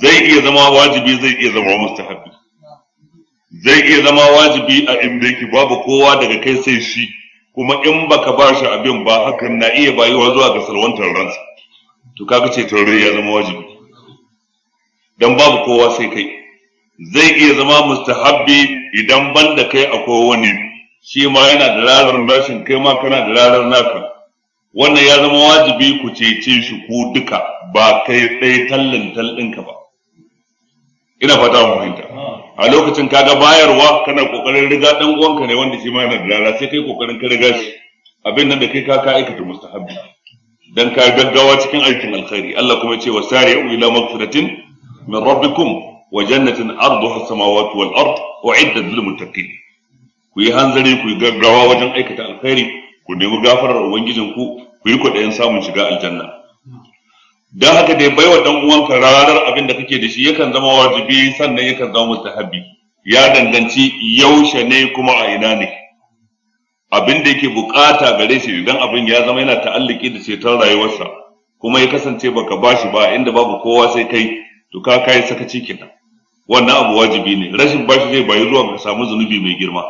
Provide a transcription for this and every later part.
zai iya zama wajibi zai iya zama mustahabi zai iya zama wajibi a inda yake babu kowa daga kai sai shi kuma in baka ba shi abin ba hakan na iya bayuwa zuwa ga salwantar ransa to kaga ce taurari ya zama wajibi dan babu kowa sai kai zai iya zama mustahabbi idan ban da kai akwai wani shi ma yana da rarar rashin kai ma kana da rarar naka wannan ya zama wajibi ku cece shi ku duka ba kai ɗaya tallin tallinka ba ina fata mu fahimta a lokacin kaga bayarwa kana kokarin riga dan uwanka ne wanda shi ma yana da sai kai kokarin ka riga shi abin nan da kai ka ka aikata mustahabbi dan ka gaggawa cikin aikin alkhairi Allah kuma ya ce wasari'u ila magfiratin min rabbikum wa jannatin arduha as-samawati wal ard u'iddat lil muttaqin ku yi hanzari ku yi gaggawa wajen aikata alkhairi ku nemi gafarar ubangijin ku ku yi kwaɗayin samun shiga aljanna Don haka dai baiwa ɗan uwanka rarar abin da kake da shi yakan zama wajibi sannan yakan zama mustahabi ya danganci yaushe ne kuma a ina ne abin da yake bukata gare shi idan abin ya zama yana ta'alliki da ceton rayuwarsa kuma ya kasance baka bashi ba inda babu kowa sai kai to ka kai sakaci kenan wannan abu wajibi ne rashin bashi zai bayi zuwa ka samu zunubi mai girma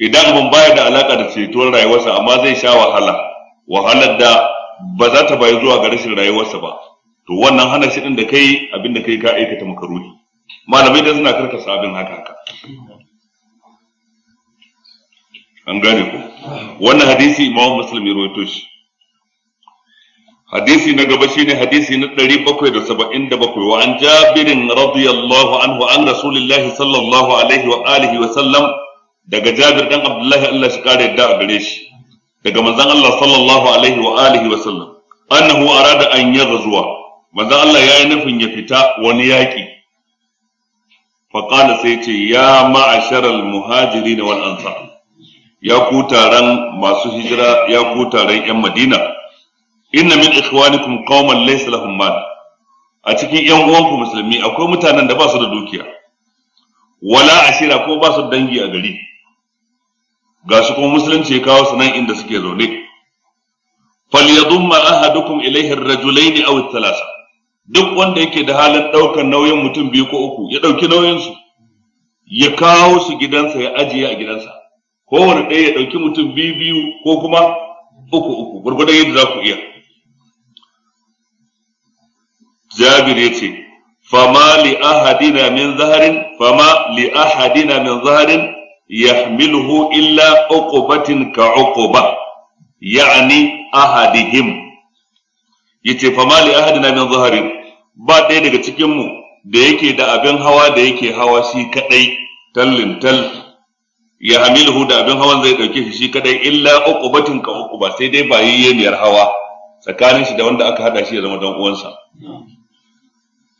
idan abin bayar da alaka da cetuwar rayuwarsa amma zai sha wahala wahalar da ba za ta bayi zuwa ga rashin rayuwarsa ba to wannan hana shi din da kai abin da kai ka aikata makaruhi malamai da suna karkasa abin haka haka an gane ku wannan hadisi imamu muslim ya rawaito shi hadisi na gaba shine hadisi na ɗari bakwai da saba'in bakwai wa an jabirin radiyallahu anhu an rasulillahi sallallahu alaihi wa alihi wa sallam daga Jabir dan Abdullahi Allah shi kare yadda a gare shi daga manzon Allah sallallahu alaihi wa alihi wa sallam annahu arada an zuwa. manzon Allah yi nufin ya fita wani yaki fa sai ce ya ma'asharal muhajirin wal ansar ya ku taron masu hijira ya ku taron yan Madina inna min ikhwanikum qauman laysa lahum mal a cikin yan uwanku musulmi akwai mutanen da ba su da dukiya wala ashira ko ba su dangi a gari ga shi kuma musulunci ya kawo su nan inda suke zaune falyadumma ahadukum ilayhi ar rajulayn aw ath-thalatha duk wanda yake da halin daukar nauyin mutum biyu ko uku ya dauki nauyin su ya kawo su gidansa ya ajiye a gidansa ko wani ɗaya ya dauki mutum biyu biyu ko kuma uku uku gurgurda yadda za ku iya Jabir ya ce fama li ahadina min zaharin fama li ahadina min zaharin يحمله إلا عقبة كعقبة يعني أحدهم yace fama li ahadina ba ɗaya daga cikin mu da yake da abin hawa da yake hawa shi kadai tallin tal ya hamiluhu da abin hawan zai ɗauke shi shi kadai illa uqubatin ka sai dai ba yayyeniyar hawa tsakanin shi da wanda aka hada shi ya zama dan uwansa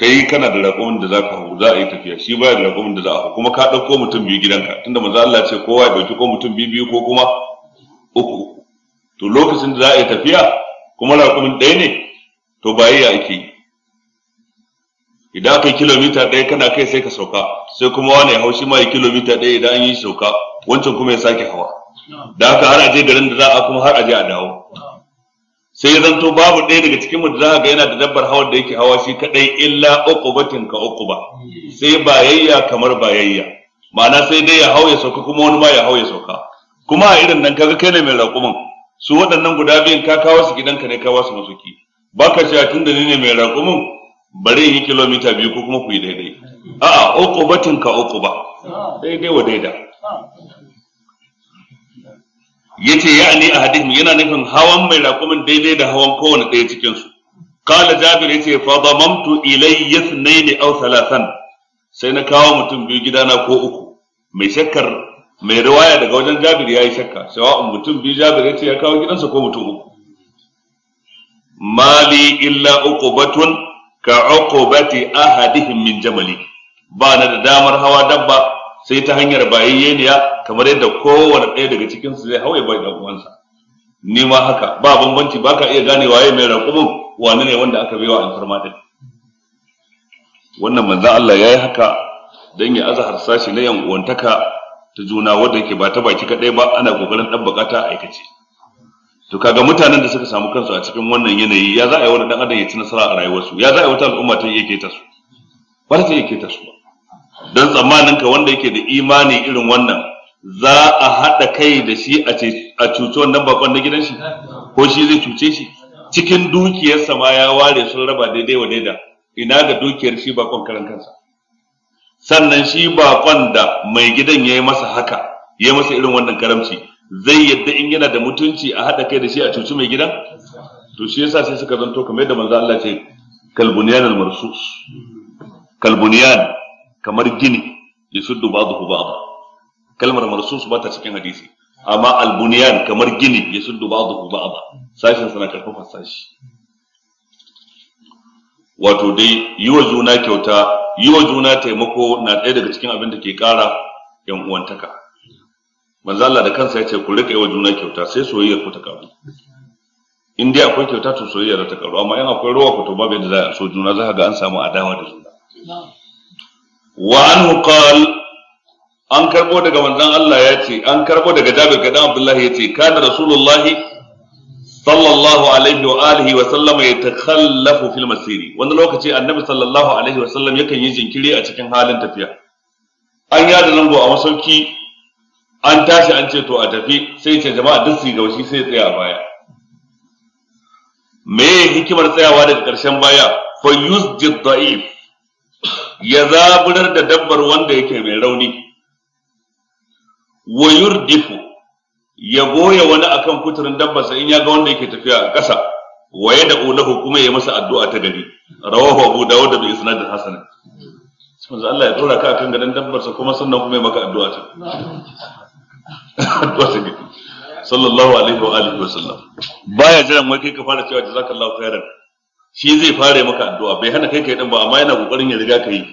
kai kana da raƙumin da zaka hau za a yi tafiya shi baya da raƙumin da za a hau kuma ka ɗauko mutum biyu gidanka tunda manzo Allah ce kowa ya ɗauki ko mutum biyu biyu ko kuma uku to lokacin da za a yi tafiya kuma raƙumin ɗaya ne to ba ya ake yi idan aka yi kilomita ɗaya kana kai sai ka sauka sai kuma wani ya hau shi ma ya kilomita ɗaya idan an yi sauka wancan kuma ya sake hawa da haka har a je garin da za a kuma har a je a dawo sai zanto babu ɗaya daga cikin mu da ga yana da dabbar hawan da yake hawa shi kaɗai illa uqubatin ka uquba sai bayayya kamar bayayya ma'ana sai dai ya hau ya sauka kuma wani ma ya hau ya sauka kuma a irin nan kaga kai ne mai raƙumin su waɗannan guda biyun ka kawo su gidanka ne ka wasu masuki baka cewa tun da ni ne mai raƙumin bari yi kilomita biyu ko kuma ku yi daidai a'a uqubatin ka uquba daidai wa daida yace ya'ni ahadihim yana nufin hawan mai raƙumin daidai da hawan kowane ɗaya cikin su qala jabir yace fa damamtu ilayya ithnayn aw thalathan sai na kawo mutum biyu gidana ko uku mai shakkar mai riwaya daga wajen jabir yayi shakka sawa'un mutum biyu jabir yace ya kawo gidansa ko mutum uku mali illa uqbatun ka uqbati ahadihim min jamali ba na da damar hawa dabba sai ta hanyar bayayyeniya kamar yadda kowane ɗaya daga cikin su zai hau bai dan uwansa ni ma haka ba bambanci ba ka iya gane waye mai raƙumin wani ne wanda aka baiwa farma din wannan manzon Allah yayi haka dan ya azhar sashi na yan uwantaka ta juna wanda yake ba ta baki kadai ba ana kokarin dan bukata aikace to kaga mutanen da suka samu kansu a cikin wannan yanayi ya za a yi wani dan adam ya ci nasara a rayuwarsu ya za a yi wata al'umma ta yake ta su ba ta yake ta su ba don tsammanin ka wanda yake da imani irin wannan za a haɗa kai da shi a cuci wannan bakon na gidan shi ko shi zai cuce shi cikin dukiyarsa ma ya ware sun raba daidai wa daida ina ga dukiyar shi bakon karan kansa sannan shi bakon da mai gidan ya yi masa haka ya yi masa irin wannan karamci zai yadda in yana da mutunci a haɗa kai da shi a cuci mai gidan to shi yasa sai suka zanto kamar yadda manzo Allah ce kalbuniyan al-marsus kalbuniyan kamar gini ya suddu shuddu ba'dahu ba, kalmar marsus ba ta cikin hadisi amma albuniyan kamar gini ya suddu shuddu ba'dahu ba, sashin sana karfafa sashi wato dai yi wa juna kyauta yi wa juna taimako na ɗaya daga cikin abin da ke ƙara yan uwantaka manzo Allah da kansa ya ce ku rika yi wa juna kyauta sai soyayyar ku ta karu in dai akwai kyauta to soyayya ta karu amma in akwai ruwa ku to babu yadda za a so juna za ka ga an samu adawa da juna wa anhu an karbo daga manzon Allah ya ce an karbo daga Jabir kadan Abdullah ya ce kana Rasulullah sallallahu alaihi wa alihi wa sallam yatakhallafu fil masiri wani lokaci annabi sallallahu alaihi wa sallam yakan yi jinkiri a cikin halin tafiya an yada lambu a masauki an tashi an ce to a tafi sai ce jama'a duk su sai tsaya baya me hikimar tsayawa daga karshen baya fa yusjid da'if ya zaburar da dabbar wanda yake mai rauni wa yurdifu ya goya wani akan kuturin dabbarsa in ya ga wanda yake tafiya a ƙasa wa ya da'u kuma ya masa addu'a ta gari rawahu abu dawud bi isnadin hasan manzo Allah ya dora ka akan gadan dabbarsa kuma sannan kuma ya maka addu'a ta addu'a ta gari sallallahu alaihi wa alihi wa sallam baya jiran wai kai ka fara cewa jazakallahu khairan shi zai fara maka addu'a bai hana kai kai din ba amma yana kokarin ya riga kai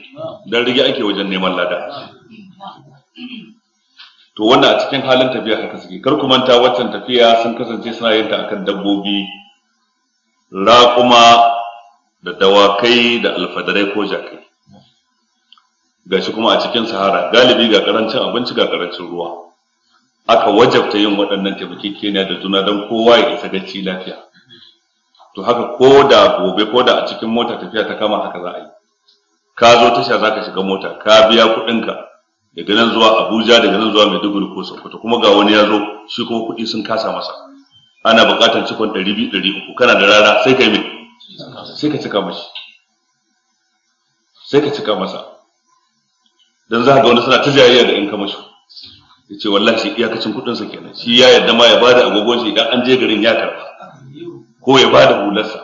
dan riga ake wajen neman lada to wannan a cikin halin tafiya haka suke kar ku manta waccan tafiya sun kasance suna yin ta akan dabbobi raƙuma da dawakai da alfadarai ko jakai gashi kuma a cikin sahara galibi ga karancin abinci ga karancin ruwa aka wajabta yin waɗannan taimakekeniya da juna don kowa ya isa gaci lafiya to haka ko da gobe ko da a cikin mota tafiya ta kama haka za a yi ka zo tasha za ka shiga mota ka biya kuɗinka daga nan zuwa abuja daga nan zuwa maiduguri ko sokoto kuma ga wani ya zo shi kuma kuɗi sun kasa masa ana buƙatar cikon ɗari biyu ɗari uku kana da rana sai ka yi sai ka cika mashi sai ka cika masa don za ka ga wani suna ta jayayya da in ka mashi ya ce wallahi shi iyakacin kuɗinsa kenan shi ya yarda ma ya bada agogon shi idan an je garin ya karɓa ko ya bada hularsa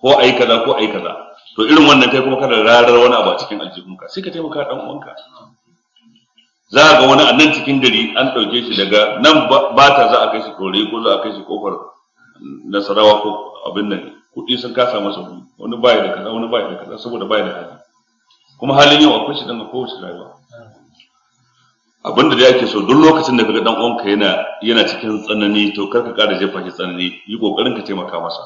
ko yi kaza ko yi kaza to irin wannan kai kuma kada rarar wani abu a cikin aljihunka sai ka taimaka dan uwanka za ga wani a nan cikin gari an ɗauke shi daga nan ba ta za a kai shi kore ko za a kai shi kofar nasarawa ko abin nan kuɗi sun kasa masa wani baya da kaza wani baya da kaza saboda baya da kaza kuma halin yau akwai shi dan kowace rayuwa abin da dai ake so duk lokacin da kaga dan uwanka yana yana cikin tsanani to kar ka ƙara jefa shi tsanani yi kokarin ka taimaka masa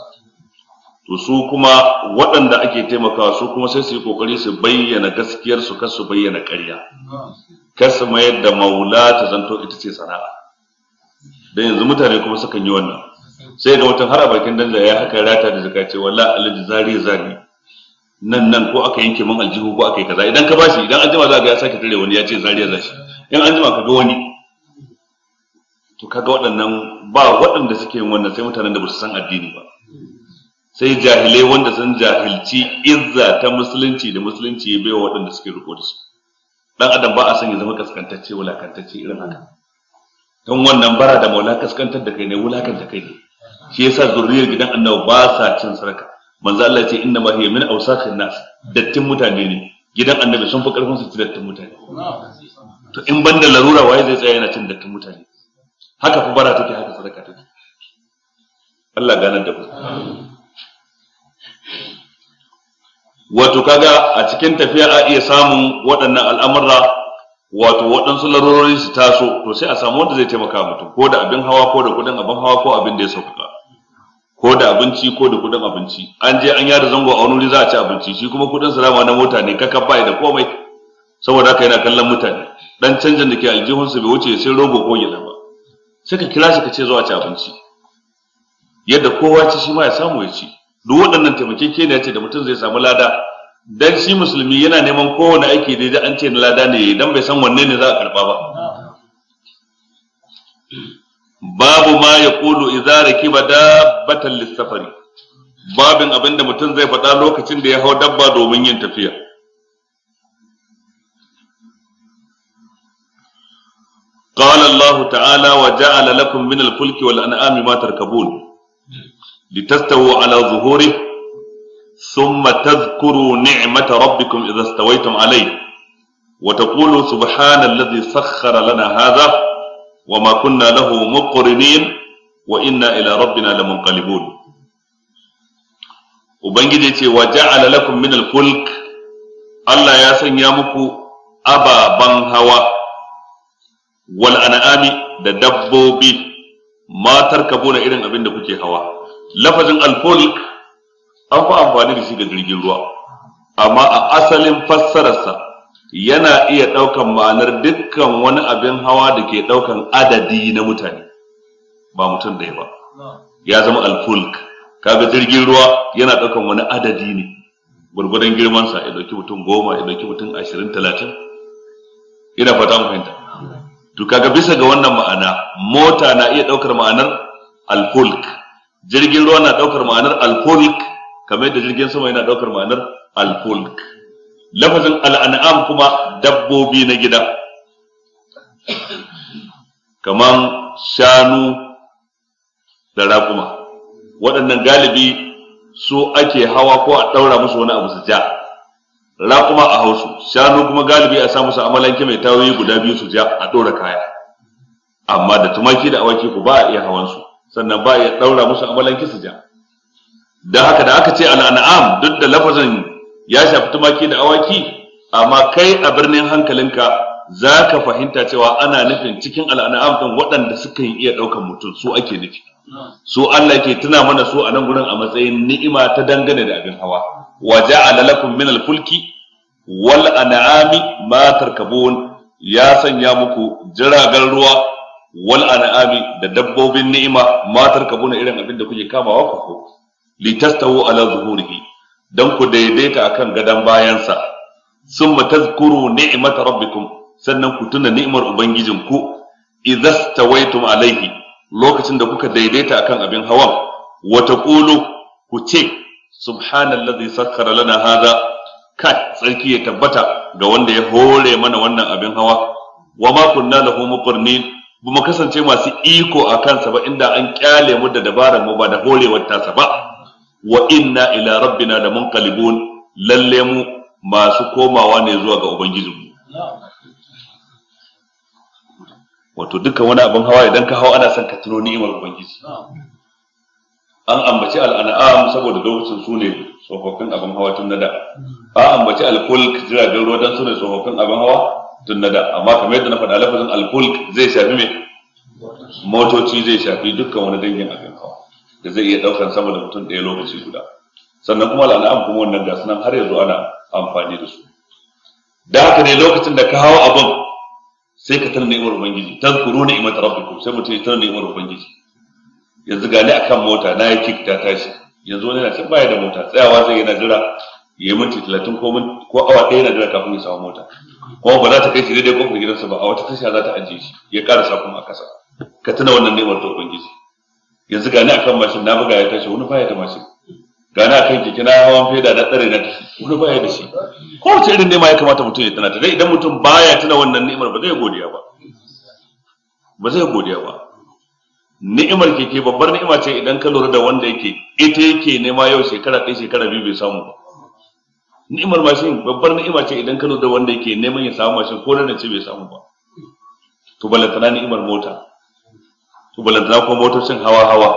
to su kuma waɗanda ake taimakawa su kuma sai su yi kokari su bayyana gaskiyar su kar su bayyana ƙarya kar mayar da maula ta zanto ita ce sana'a dan yanzu mutane kuma sukan yi wannan sai ga mutum har a bakin ya haka rata da zaka ce wallahi alaji zari zari nan nan ko aka yanke min aljihu ko aka yi kaza idan ka bashi idan an jima za ga ya sake tare wani ya ce ya zashi in an jima ka ga wani to kaga waɗannan ba waɗanda suke yin wannan sai mutanen da ba su san addini ba sai jahilai wanda sun jahilci izza ta musulunci da musulunci bai baiwa waɗanda suke riko da su dan adam ba a son ya zama kaskantacce wulakantacce irin haka don wannan bara da maula kaskantar da kai ne wulakanta kai ne shi yasa zurriyar gidan annabi ba sa cin sarka manzo Allah ya ce inna ma hiya min awsakhin nas dattin mutane ne gidan annabi sun fi karfin su ci dattin mutane to in ban da larura waye zai tsaya yana cin dattin mutane haka fa bara take haka sadaka take Allah ganar da ku wato kaga a cikin tafiya a iya samun waɗannan al'amurra wato waɗansu larurori su taso to sai a samu wanda zai taimaka mutum ko da abin hawa ko da kuɗin abin hawa ko abin da ya sauka. ko da abinci ko da kudin abinci an je an yada zango a wani wuri za a ci abinci shi kuma kudin salama na mota ne kaka bai da komai saboda haka yana kallon mutane dan canjin da ke aljihun su bai wuce sai rogo ko gida ba sai ka kira shi ka ce zuwa ci abinci yadda kowa ci shi ma ya samu ya ci duk waɗannan ya ce da mutum zai samu lada dan shi musulmi yana neman kowane aiki da ya an ce na lada ne dan bai san wanne ne za a karba ba باب ما يقول اذا ركب دابه للسفر باب أبن abinda mutum zai faɗa lokacin da ya hau dabba domin yin tafiya قال الله تعالى وجعل لكم من الفلك والأنعام ما تركبون لتستووا على ظهوره ثم تذكروا نعمة ربكم إذا استويتم عليه وتقولوا سبحان الذي سخر لنا هذا wa ma kunna lahu muqrinin wa inna ila rabbina lamunqalibun ubangiji ce wa ja'ala lakum min fulk Allah ya sanya muku ababan hawa wal da dabbobi Matar ka bona irin abin da kuke hawa lafazin al-fulk an fa amfani da shi ga jirgin ruwa amma a asalin fassararsa yana iya ɗaukan ma'anar dukkan wani abin hawa da ke ɗaukan adadi na mutane ba mutum ɗaya ba ya zama alfulk kaga jirgin ruwa yana ɗaukan wani adadi ne gwargwadon girmansa ya ɗauki mutum goma ya ɗauki mutum ashirin talatin ina fata mu fahimta to kaga bisa ga wannan ma'ana mota na iya ɗaukar ma'anar alfulk jirgin ruwa na ɗaukar ma'anar alfulk kamar yadda jirgin sama yana ɗaukar ma'anar alfulk lafazin al'an'am kuma dabbobi na gida kaman shanu da raƙuma waɗannan galibi su ake hawa ko a ɗaura musu wani abu su ja raƙuma a hausu shanu kuma galibi a sa su amalanke mai tawaye guda biyu su ja a ɗora kaya amma da tumaki da awaki ku ba a iya hawansu sannan ba a iya ɗaura musu amalanke su ja da haka da aka ce al'an'am duk da lafazin ya shafi tumaki da awaki amma kai a birnin hankalinka za ka fahimta cewa ana nufin cikin al'an'am din waɗanda suka yi iya ɗaukar mutum su ake nufi su Allah ke tuna mana su a nan gurin a matsayin ni'ima ta dangane da abin hawa wa ja'ala lakum min al-fulki wal an'ami ma tarkabun ya sanya muku jiragen ruwa wal an'ami da dabbobin ni'ima ma tarkabuna irin abin da kuke kamawa ku litastawu ala zuhurihi dan ku daidaita akan gadon bayansa summa tazkuru ni'mata rabbikum sannan ku tuna ni'imar ubangijinku idza stawaitum alaihi lokacin da kuka daidaita akan abin hawan wa taqulu ku ce subhanallazi sakkara lana haza. kai tsarki ya tabbata ga wanda ya hore mana wannan abin hawa wa ma kunna lahu muqrinin bu mu kasance masu iko a kansa ba inda an kyale mu da dabarar mu ba da horewar ba wa inna ila rabbina da munqalibun lalle mu masu komawa ne zuwa ga mu wato dukkan wani abin hawa idan ka hawa ana son ka tuno ni'imar ubangiji an ambaci al'an'am saboda lokacin su ne tsofaffin abin hawa tun nada an ambaci alkulk jiragen ruwa don su ne tsofaffin abin hawa tun nada amma kamar yadda na faɗa lafazin alkulk zai shafi mai motoci zai shafi dukkan wani dangin abin hawa da zai iya daukan sama da mutum ɗaya lokaci guda sannan kuma al'am kuma wannan gasu nan har yanzu ana amfani da su da haka ne lokacin da ka hawo abin sai ka tana ni'imar ubangiji tazkuru imar rabbikum sai mutum ya tana ni'imar ubangiji yanzu gani a akan mota na yi kick ta tashi yanzu wani yana cin baya da mota tsayawa zai yana jira ya yi minti talatin ko awa ɗaya yana jira kafin ya samu mota kuma ba za ta kai shi daidai kofar gidansa ba a wata tasha za ta ajiye shi ya ƙarasa kuma a ƙasa ka tuna wannan ni'imar ta ubangiji yanzu gani akan mashin na buga ya tashi wani baya da mashin gani akan keke na hawan feda na tsare na tashi wani baya da shi ko wace irin nema ya kamata mutum ya tana ta dai idan mutum baya tuna wannan ni'imar ba zai godiya ba ba zai godiya ba ni'imar keke babbar ni'ima ce idan ka lura da wanda yake ita yake nema yau shekara ɗaya shekara biyu bai samu ba ni'imar mashin babbar ni'ima ce idan ka lura da wanda yake neman ya samu mashin ko nan ce bai samu ba to balantana ni'imar mota ku balantana kuma motocin hawa hawa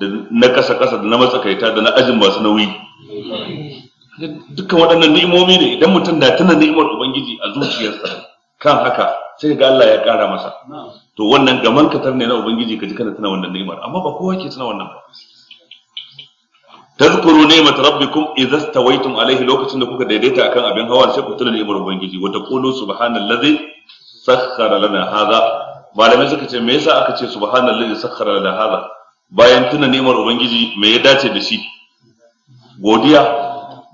da na kasa kasa da na matsakaita da na ajin masu nauyi dukkan waɗannan ni'imomi ne idan mutum na tuna ni'imar ubangiji a zuciyarsa kan haka sai ga Allah ya ƙara masa to wannan gaman katar ne na ubangiji ka ji kana tuna wannan ni'imar amma ba kowa ke tuna wannan ba tazkuru ni'mat rabbikum idza stawaytum alayhi lokacin da kuka daidaita akan abin hawa sai ku tuna ni'imar ubangiji wa taqulu subhanallazi sakhkhara lana hadha malamai suka ce me yasa aka ce subhanallahi sakhara lana hadha bayan tuna nemar ubangiji me ya dace da shi godiya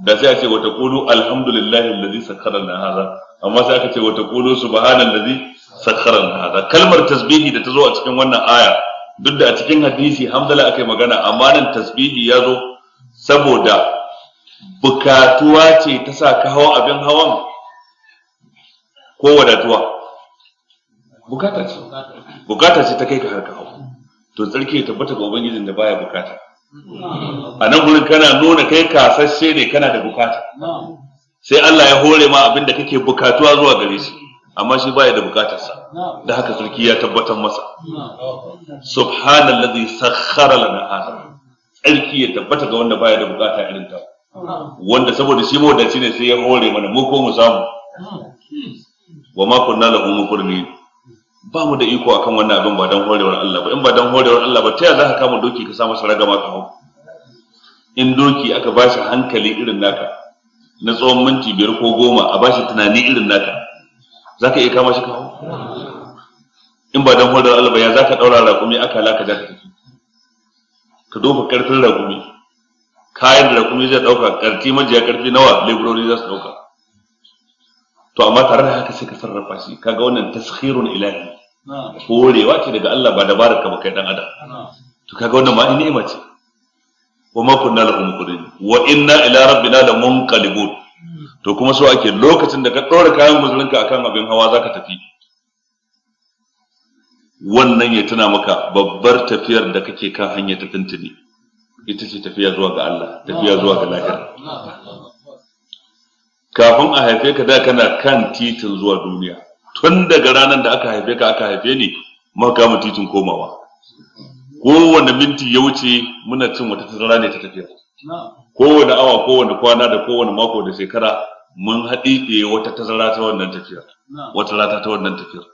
da sai a ce wata kulu alhamdulillahi allazi sakhara lana hadha amma sai aka ce wata kulu subhanallahi sakhara lana hadha kalmar tasbihi da ta zo a cikin wannan aya duk da a cikin hadisi hamdala akai magana amma nan tasbihi ya zo saboda bukatuwa ce ta sa ka hawa abin hawan ko wadatuwa bukata ce bukata ce ta kai ka harka hau to tsarki ya tabbata ga ubangijin da baya bukata a nan gurin kana nuna kai kasashe ne kana da bukata sai Allah ya hore ma abin da kake bukatuwa zuwa gare shi amma shi baya da bukatarsa da haka sarki ya tabbatar masa subhanallazi sakhara lana hada tsarki ya tabbata ga wanda baya da bukata irin ta wanda saboda shi mawadaci ne sai ya hore mana mu ko mu samu wa ma kunna lahu muqrinin ba mu da iko akan wannan abin ba don horewar Allah ba in ba don horewar Allah ba ta yaya ka kama doki ka sa masa ragama ka hau in doki aka ba shi hankali irin naka na tsawon minti biyar ko goma a ba shi tunani irin naka za ka iya kama shi kawo in ba don horewar Allah ba, ya za ka ɗaura raƙumi aka laka da ka tafi ka dofa ƙarfin raƙumi kayan da raƙumi zai ɗauka ƙarfi majiya ƙarfi nawa laborori za su ɗauka to amma tare da haka sai ka sarrafa shi kaga wannan tashirun ilahi korewa ce daga Allah ba dabarar ka bakai kai dan adam to kaga wannan ma ni ce wa ma kunna lahum qurin wa inna ila rabbina munqalibun to kuma so ake lokacin da ka dora kayan musulunka akan abin hawa zaka tafi wannan ya tuna maka babbar tafiyar da kake kan hanya ta tuntuni ita ce tafiya zuwa ga Allah tafiya zuwa ga lahira kafin a haife ka da kana kan titin zuwa duniya tun daga ranar da aka haife ka aka haife ni muka kama titin komawa kowane minti ya wuce muna cin wata tazara ne ta tafiya kowane awa kowane kwana da kowane mako da shekara mun haɗiɗe wata tazara ta wannan tafiyar wata rata ta wannan tafiyar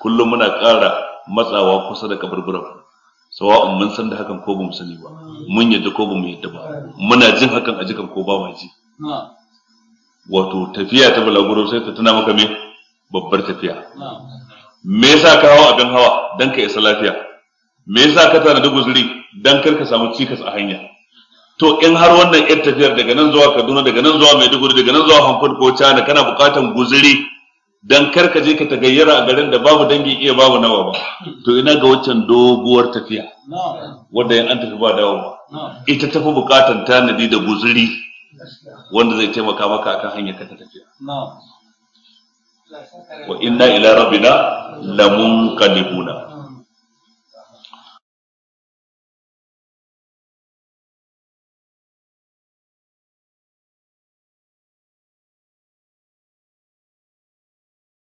kullum muna ƙara matsawa kusa da kaburburan sawa'un mun san da hakan ko ba mu sani ba mun yadda ko ba mu yadda ba muna jin hakan a jikan ko ba ma ji wato tafiya ta balaguro sai ta tana maka me babbar tafiya me yasa ka hawa abin hawa dan ka isa lafiya me yasa ka tana da guzuri dan kar ka samu cikas a hanya to in har wannan yar tafiyar daga nan zuwa Kaduna daga nan zuwa Maiduguri daga nan zuwa Hankun ko Chana kana bukatan guzuri dan kar ka je ka tagayyara a garin da babu dangi iya babu nawa ba to ina ga waccan doguwar tafiya wanda yan an tafi ba ba. ita tafi bukatan tanadi da guzuri wanda zai taimaka maka akan hanyar ka ta tafiya wa inna ila rabbina lamunqalibuna